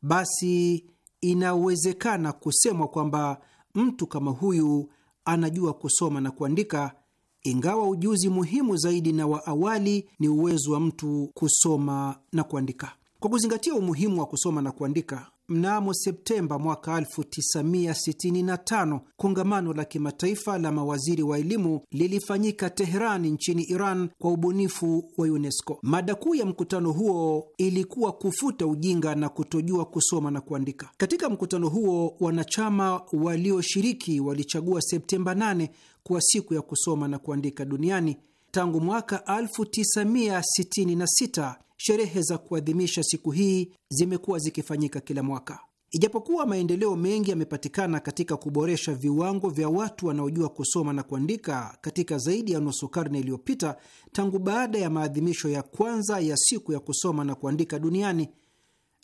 basi inawezekana kusemwa kwamba mtu kama huyu anajua kusoma na kuandika, ingawa ujuzi muhimu zaidi na wa awali ni uwezo wa mtu kusoma na kuandika. Kwa kuzingatia umuhimu wa kusoma na kuandika, mnamo Septemba mwaka 1965 kongamano la kimataifa la mawaziri wa elimu lilifanyika Teherani nchini Iran kwa ubunifu wa UNESCO. Mada kuu ya mkutano huo ilikuwa kufuta ujinga na kutojua kusoma na kuandika. Katika mkutano huo wanachama walioshiriki walichagua Septemba 8 kuwa siku ya kusoma na kuandika duniani tangu mwaka 1966 sherehe za kuadhimisha siku hii zimekuwa zikifanyika kila mwaka. Ijapokuwa maendeleo mengi yamepatikana katika kuboresha viwango vya watu wanaojua kusoma na kuandika katika zaidi ya nusu karne iliyopita tangu baada ya maadhimisho ya kwanza ya siku ya kusoma na kuandika duniani,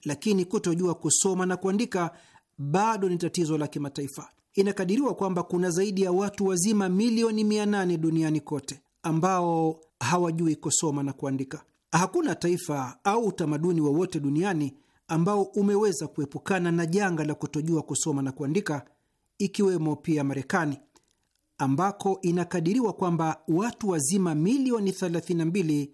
lakini kutojua kusoma na kuandika bado ni tatizo la kimataifa. Inakadiriwa kwamba kuna zaidi ya watu wazima milioni 800 duniani kote ambao hawajui kusoma na kuandika. Hakuna taifa au utamaduni wowote duniani ambao umeweza kuepukana na janga la kutojua kusoma na kuandika, ikiwemo pia Marekani ambako inakadiriwa kwamba watu wazima milioni 32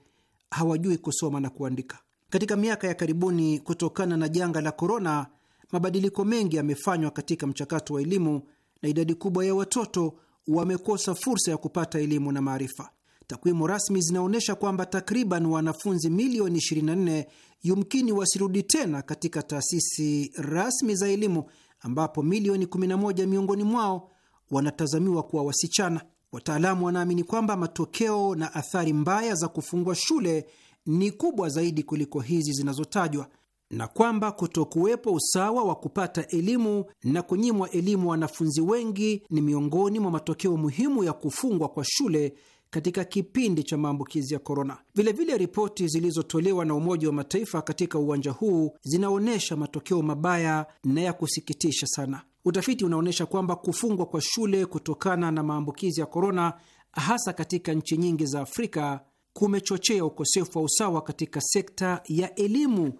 hawajui kusoma na kuandika. Katika miaka ya karibuni, kutokana na janga la korona, mabadiliko mengi yamefanywa katika mchakato wa elimu na idadi kubwa ya watoto wamekosa fursa ya kupata elimu na maarifa. Takwimu rasmi zinaonyesha kwamba takriban wanafunzi milioni 24 yumkini wasirudi tena katika taasisi rasmi za elimu, ambapo milioni 11 miongoni mwao wanatazamiwa kuwa wasichana. Wataalamu wanaamini kwamba matokeo na athari mbaya za kufungwa shule ni kubwa zaidi kuliko hizi zinazotajwa na kwamba kutokuwepo usawa wa kupata elimu na kunyimwa elimu wanafunzi wengi ni miongoni mwa matokeo muhimu ya kufungwa kwa shule katika kipindi cha maambukizi ya korona. Vilevile, ripoti zilizotolewa na Umoja wa Mataifa katika uwanja huu zinaonyesha matokeo mabaya na ya kusikitisha sana. Utafiti unaonyesha kwamba kufungwa kwa shule kutokana na maambukizi ya korona, hasa katika nchi nyingi za Afrika, kumechochea ukosefu wa usawa katika sekta ya elimu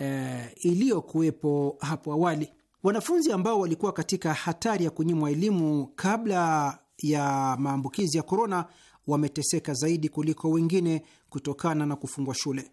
eh, iliyokuwepo hapo awali. Wanafunzi ambao walikuwa katika hatari ya kunyimwa elimu kabla ya maambukizi ya korona wameteseka zaidi kuliko wengine kutokana na kufungwa shule.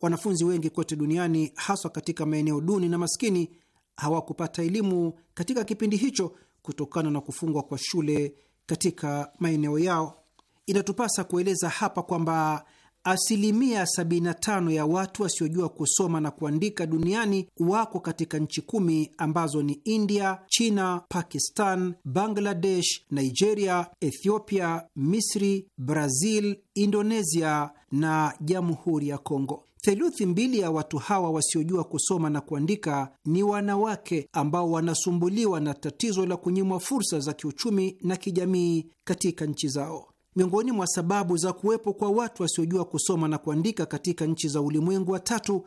Wanafunzi wengi kote duniani, haswa katika maeneo duni na maskini, hawakupata elimu katika kipindi hicho kutokana na kufungwa kwa shule katika maeneo yao. Inatupasa kueleza hapa kwamba Asilimia 75 ya watu wasiojua kusoma na kuandika duniani wako katika nchi kumi ambazo ni India, China, Pakistan, Bangladesh, Nigeria, Ethiopia, Misri, Brazil, Indonesia na Jamhuri ya Kongo. Theluthi mbili ya watu hawa wasiojua kusoma na kuandika ni wanawake ambao wanasumbuliwa na tatizo la kunyimwa fursa za kiuchumi na kijamii katika nchi zao. Miongoni mwa sababu za kuwepo kwa watu wasiojua kusoma na kuandika katika nchi za ulimwengu wa tatu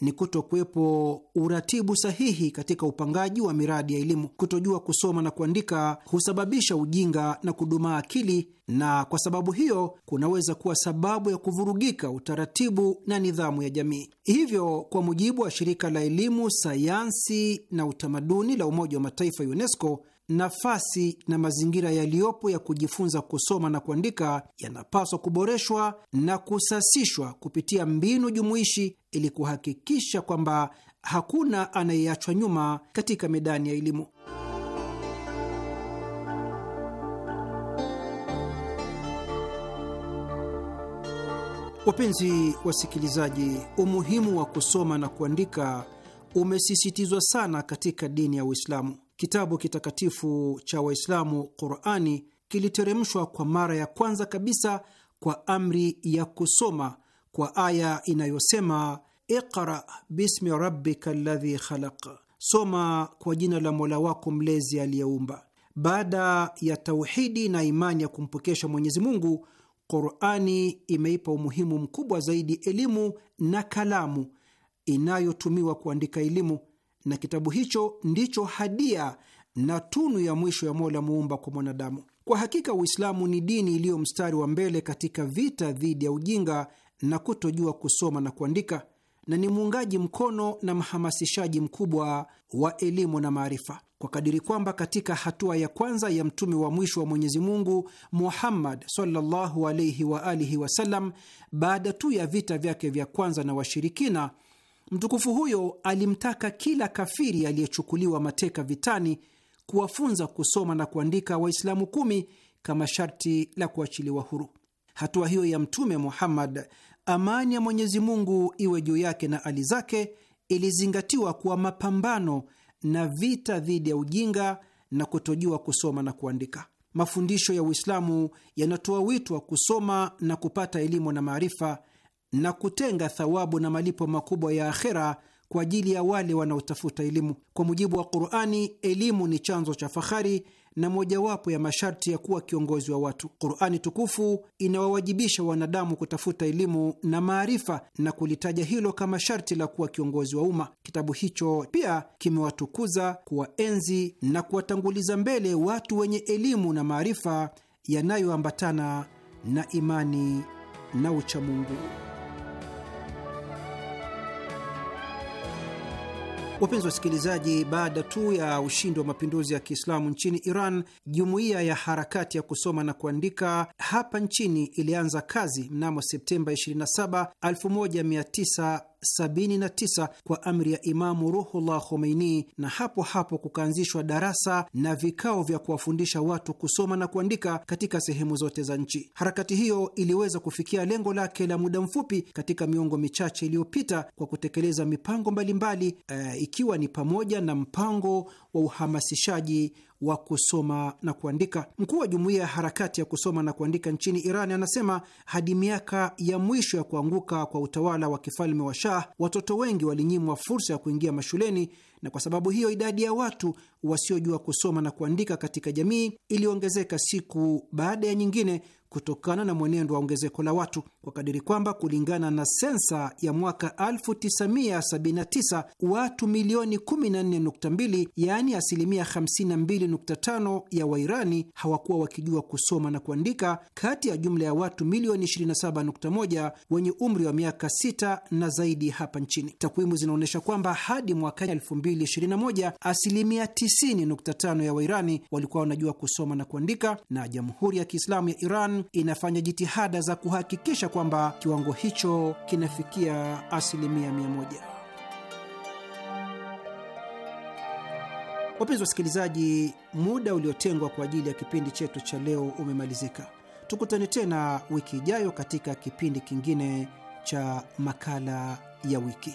ni kutokuwepo uratibu sahihi katika upangaji wa miradi ya elimu. Kutojua kusoma na kuandika husababisha ujinga na kudumaa akili, na kwa sababu hiyo kunaweza kuwa sababu ya kuvurugika utaratibu na nidhamu ya jamii. Hivyo, kwa mujibu wa shirika la elimu, sayansi na utamaduni la Umoja wa Mataifa, UNESCO, nafasi na mazingira yaliyopo ya kujifunza kusoma na kuandika yanapaswa kuboreshwa na kusasishwa kupitia mbinu jumuishi ili kuhakikisha kwamba hakuna anayeachwa nyuma katika medani ya elimu. Wapenzi wasikilizaji, umuhimu wa kusoma na kuandika umesisitizwa sana katika dini ya Uislamu kitabu kitakatifu cha Waislamu, Qurani, kiliteremshwa kwa mara ya kwanza kabisa kwa amri ya kusoma kwa aya inayosema iqra bismi rabbika ladhi khalaq, soma kwa jina la mola wako mlezi aliyeumba. Baada ya tauhidi na imani ya kumpokesha Mwenyezi Mungu, Qurani imeipa umuhimu mkubwa zaidi elimu na kalamu inayotumiwa kuandika elimu na kitabu hicho ndicho hadia na tunu ya mwisho ya Mola muumba kwa mwanadamu. Kwa hakika Uislamu ni dini iliyo mstari wa mbele katika vita dhidi ya ujinga na kutojua kusoma na kuandika, na ni muungaji mkono na mhamasishaji mkubwa wa elimu na maarifa, kwa kadiri kwamba katika hatua ya kwanza ya mtume wa mwisho wa Mwenyezi Mungu Muhammad sallallahu alaihi wa alihi wasallam, baada tu ya vita vyake vya kwanza na washirikina Mtukufu huyo alimtaka kila kafiri aliyechukuliwa mateka vitani kuwafunza kusoma na kuandika Waislamu kumi kama sharti la kuachiliwa huru. Hatua hiyo ya Mtume Muhammad, amani ya Mwenyezi Mungu iwe juu yake na ali zake, ilizingatiwa kuwa mapambano na vita dhidi ya ujinga na kutojua kusoma na kuandika. Mafundisho ya Uislamu yanatoa wito wa kusoma na kupata elimu na maarifa na kutenga thawabu na malipo makubwa ya akhera kwa ajili ya wale wanaotafuta elimu. Kwa mujibu wa Qurani, elimu ni chanzo cha fahari na mojawapo ya masharti ya kuwa kiongozi wa watu. Qurani tukufu inawawajibisha wanadamu kutafuta elimu na maarifa na kulitaja hilo kama sharti la kuwa kiongozi wa umma. Kitabu hicho pia kimewatukuza, kuwaenzi na kuwatanguliza mbele watu wenye elimu na maarifa yanayoambatana na imani na uchamungu. Wapenzi wa wasikilizaji, baada tu ya ushindi wa mapinduzi ya Kiislamu nchini Iran, jumuiya ya harakati ya kusoma na kuandika hapa nchini ilianza kazi mnamo Septemba 27, 19 79 kwa amri ya Imamu Ruhullah Khomeini, na hapo hapo kukaanzishwa darasa na vikao vya kuwafundisha watu kusoma na kuandika katika sehemu zote za nchi. Harakati hiyo iliweza kufikia lengo lake la muda mfupi katika miongo michache iliyopita kwa kutekeleza mipango mbalimbali mbali, eh, e, ikiwa ni pamoja na mpango wa uhamasishaji wa kusoma na kuandika. Mkuu wa jumuiya ya harakati ya kusoma na kuandika nchini Iran anasema hadi miaka ya mwisho ya kuanguka kwa utawala wa kifalme wa Shah, watoto wengi walinyimwa fursa ya kuingia mashuleni, na kwa sababu hiyo idadi ya watu wasiojua kusoma na kuandika katika jamii iliongezeka siku baada ya nyingine kutokana na mwenendo wa ongezeko la watu kwa kadiri kwamba kulingana na sensa ya mwaka 1979 watu milioni 14.2 yaani asilimia 52.5 ya Wairani hawakuwa wakijua kusoma na kuandika kati ya jumla ya watu milioni 27.1 wenye umri wa miaka 6 na zaidi hapa nchini. Takwimu zinaonyesha kwamba hadi mwaka 2021 asilimia 90.5 ya Wairani walikuwa wanajua kusoma na kuandika, na Jamhuri ya Kiislamu ya Iran inafanya jitihada za kuhakikisha kwamba kiwango hicho kinafikia asilimia mia moja. Wapenzi wasikilizaji, muda uliotengwa kwa ajili ya kipindi chetu cha leo umemalizika. Tukutane tena wiki ijayo katika kipindi kingine cha makala ya wiki.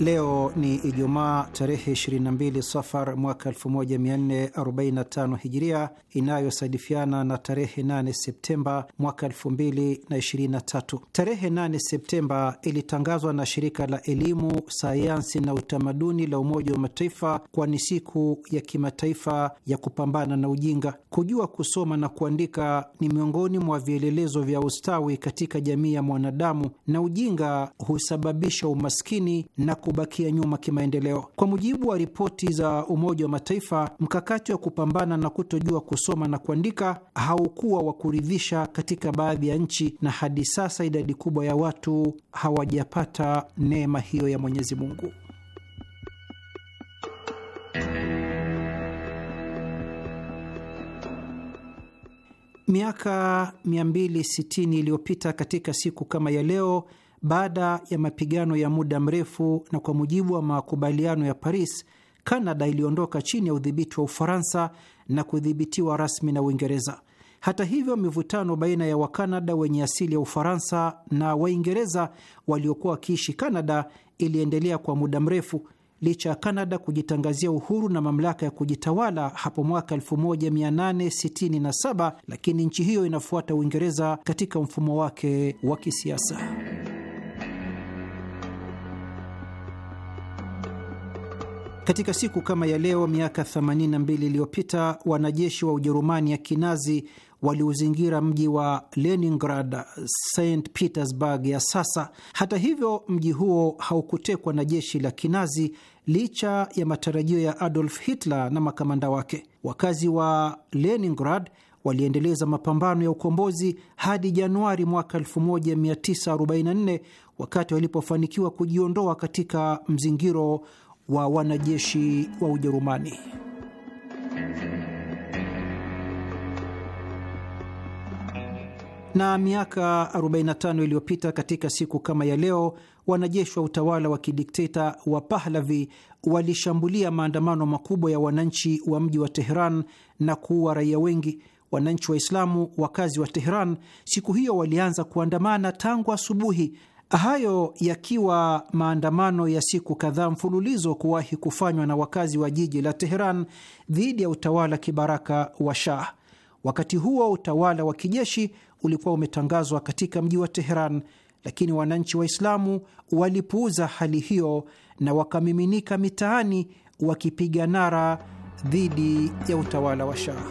Leo ni Ijumaa tarehe 22 Safar mwaka 1445 Hijiria, inayosadifiana na tarehe 8 Septemba mwaka 2023. Tarehe 8 Septemba ilitangazwa na shirika la elimu, sayansi na utamaduni la Umoja wa Mataifa kwa ni siku ya kimataifa ya kupambana na ujinga. Kujua kusoma na kuandika ni miongoni mwa vielelezo vya ustawi katika jamii ya mwanadamu, na ujinga husababisha umaskini na kubakia nyuma kimaendeleo. Kwa mujibu wa ripoti za Umoja wa Mataifa, mkakati wa kupambana na kutojua kusoma na kuandika haukuwa wa kuridhisha katika baadhi ya nchi, na hadi sasa idadi kubwa ya watu hawajapata neema hiyo ya Mwenyezi Mungu. Miaka 260 iliyopita katika siku kama ya leo baada ya mapigano ya muda mrefu na kwa mujibu wa makubaliano ya Paris, Kanada iliondoka chini ya udhibiti wa Ufaransa na kudhibitiwa rasmi na Uingereza. Hata hivyo, mivutano baina ya Wakanada wenye asili ya Ufaransa na Waingereza waliokuwa wakiishi Kanada iliendelea kwa muda mrefu licha ya Kanada kujitangazia uhuru na mamlaka ya kujitawala hapo mwaka 1867, lakini nchi hiyo inafuata Uingereza katika mfumo wake wa kisiasa. Katika siku kama ya leo miaka 82 iliyopita wanajeshi wa Ujerumani ya kinazi waliuzingira mji wa Leningrad, St Petersburg ya sasa. Hata hivyo, mji huo haukutekwa na jeshi la kinazi licha ya matarajio ya Adolf Hitler na makamanda wake. Wakazi wa Leningrad waliendeleza mapambano ya ukombozi hadi Januari mwaka 1944 wakati walipofanikiwa kujiondoa katika mzingiro wa wanajeshi wa Ujerumani. Na miaka 45 iliyopita katika siku kama ya leo, wanajeshi wa utawala wa kidikteta wa Pahlavi walishambulia maandamano makubwa ya wananchi wa mji wa Teheran na kuua raia wengi. Wananchi Waislamu wakazi wa Teheran siku hiyo walianza kuandamana tangu asubuhi Hayo yakiwa maandamano ya siku kadhaa mfululizo kuwahi kufanywa na wakazi wa jiji la Teheran dhidi ya utawala kibaraka wa Shah. Wakati huo utawala wa kijeshi ulikuwa umetangazwa katika mji wa Teheran, lakini wananchi Waislamu walipuuza hali hiyo na wakamiminika mitaani wakipiga nara dhidi ya utawala wa Shah.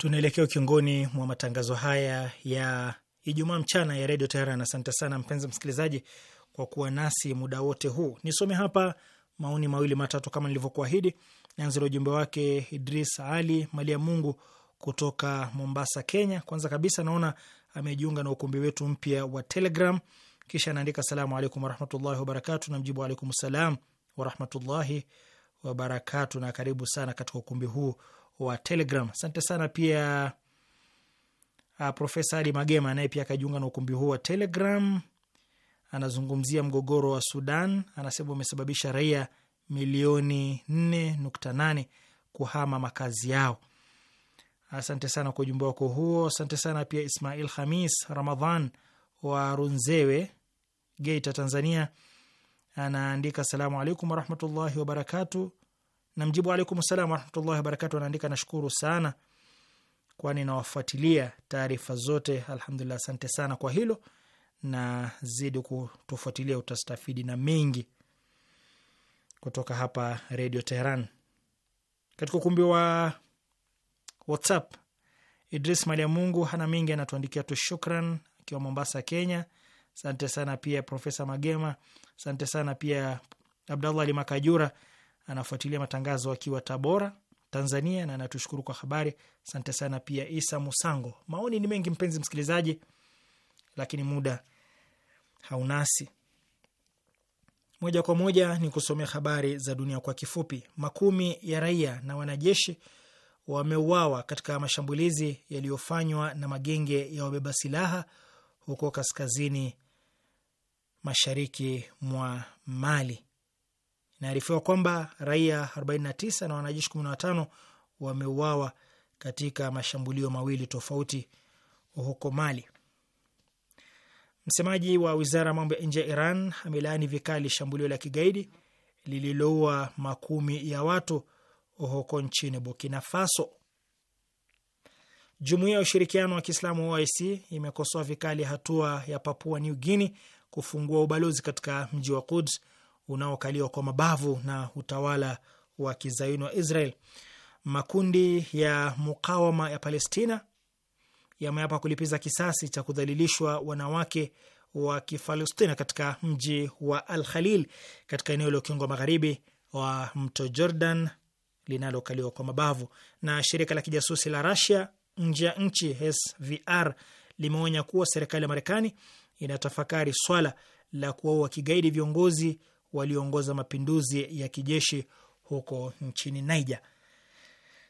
Tunaelekea ukingoni mwa matangazo haya ya Ijumaa mchana ya Redio Teheran. Asante sana mpenzi msikilizaji kwa kuwa nasi muda wote huu. Nisome hapa maoni mawili matatu kama nilivyokuahidi. Nianze na ujumbe wake Idris Ali Malia Mungu kutoka Mombasa, Kenya. Kwanza kabisa, naona amejiunga na ukumbi wetu mpya wa Telegram. Kisha anaandika salamu alaikum warahmatullahi wabarakatu, na mjibu alaikum salam warahmatullahi wabarakatu, na karibu sana katika ukumbi huu wa Telegram. Asante sana pia uh, Profesa ali Magema naye pia akajiunga na ukumbi huu wa Telegram. Anazungumzia mgogoro wa Sudan, anasema umesababisha raia milioni nane kuhama makazi yao. Asante sana kwa ujumbe wako huo. Asante sana pia Ismail Hamis Ramadhan wa Runzewe, Geita, Tanzania, anaandika: asalamu alaikum warahmatullahi wabarakatu. Namjibu alaikum salam warahmatullahi wabarakatu. Anaandika, nashukuru sana kwani nawafuatilia taarifa zote. Alhamdulillah, asante sana kwa hilo, na zidi kutufuatilia, utastafidi na mengi kutoka hapa Redio Teheran. Katika ukumbi wa WhatsApp, Idris Mali ya Mungu hana mengi, anatuandikia tu shukran, akiwa Mombasa, Kenya. Asante sana pia Profesa Magema, asante sana pia Abdallah Ali Makajura anafuatilia matangazo akiwa Tabora, Tanzania, na anatushukuru kwa habari. Asante sana pia Isa Musango. Maoni ni mengi, mpenzi msikilizaji, lakini muda haunasi. Moja kwa moja ni kusomea habari za dunia kwa kifupi. Makumi ya raia na wanajeshi wameuawa katika mashambulizi yaliyofanywa na magenge ya wabeba silaha huko kaskazini mashariki mwa Mali. Inaarifiwa kwamba raia 49 na wanajeshi 15 wameuawa katika mashambulio mawili tofauti huko Mali. Msemaji wa wizara ya mambo ya nje ya Iran amelaani vikali shambulio la kigaidi lililoua makumi ya watu huko nchini Burkina Faso. Jumuiya ya ushirikiano wa Kiislamu OIC imekosoa vikali hatua ya Papua New Guinea kufungua ubalozi katika mji wa Kuds unaokaliwa kwa mabavu na utawala wa kizayuni wa Israel. Makundi ya mukawama ya Palestina yameapa kulipiza kisasi cha kudhalilishwa wanawake wa Kifalestina katika mji wa Al Khalil katika eneo la ukingo wa magharibi wa mto Jordan linalokaliwa kwa mabavu. Na shirika la kijasusi la Rasia nje ya nchi SVR limeonya kuwa serikali ya Marekani inatafakari swala la kuwaua kigaidi viongozi walioongoza mapinduzi ya kijeshi huko nchini Niger.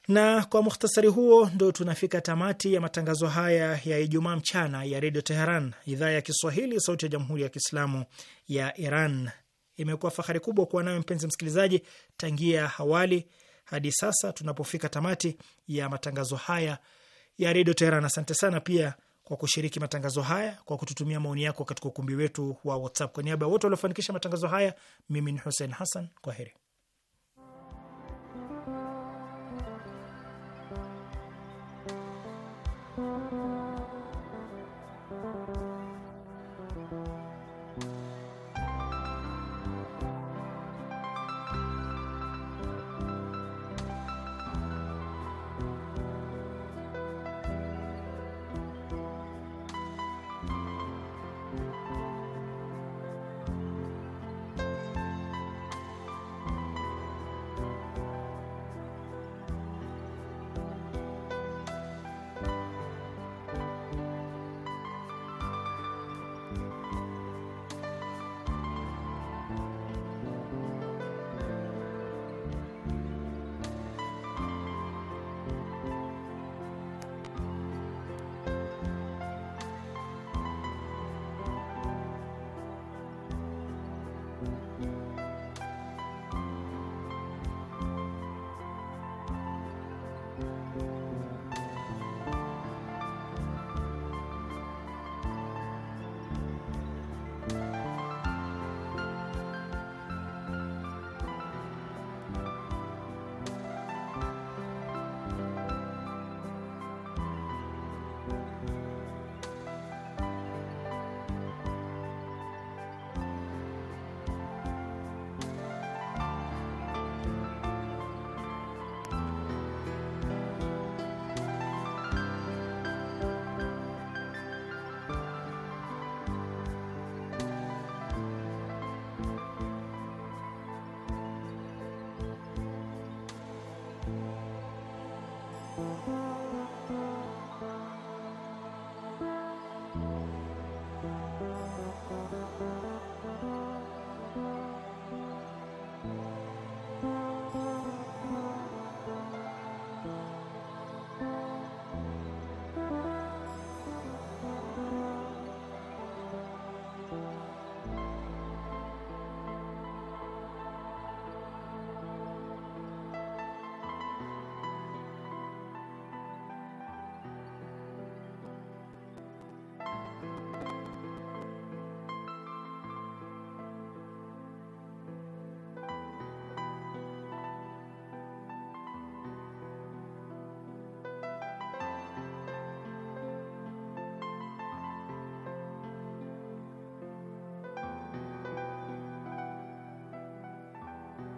Na kwa muhtasari huo ndo tunafika tamati ya matangazo haya ya Ijumaa mchana ya Redio Teheran, idhaa ya Kiswahili, sauti ya Jamhuri ya Kiislamu ya Iran. Imekuwa fahari kubwa kuwa nayo mpenzi msikilizaji, tangia awali hadi sasa tunapofika tamati ya matangazo haya ya Redio Teheran. Asante sana pia kwa kushiriki matangazo haya kwa kututumia maoni yako katika ukumbi wetu wa WhatsApp. Kwa niaba ya wote waliofanikisha matangazo haya, mimi ni Hussein Hassan, kwa heri.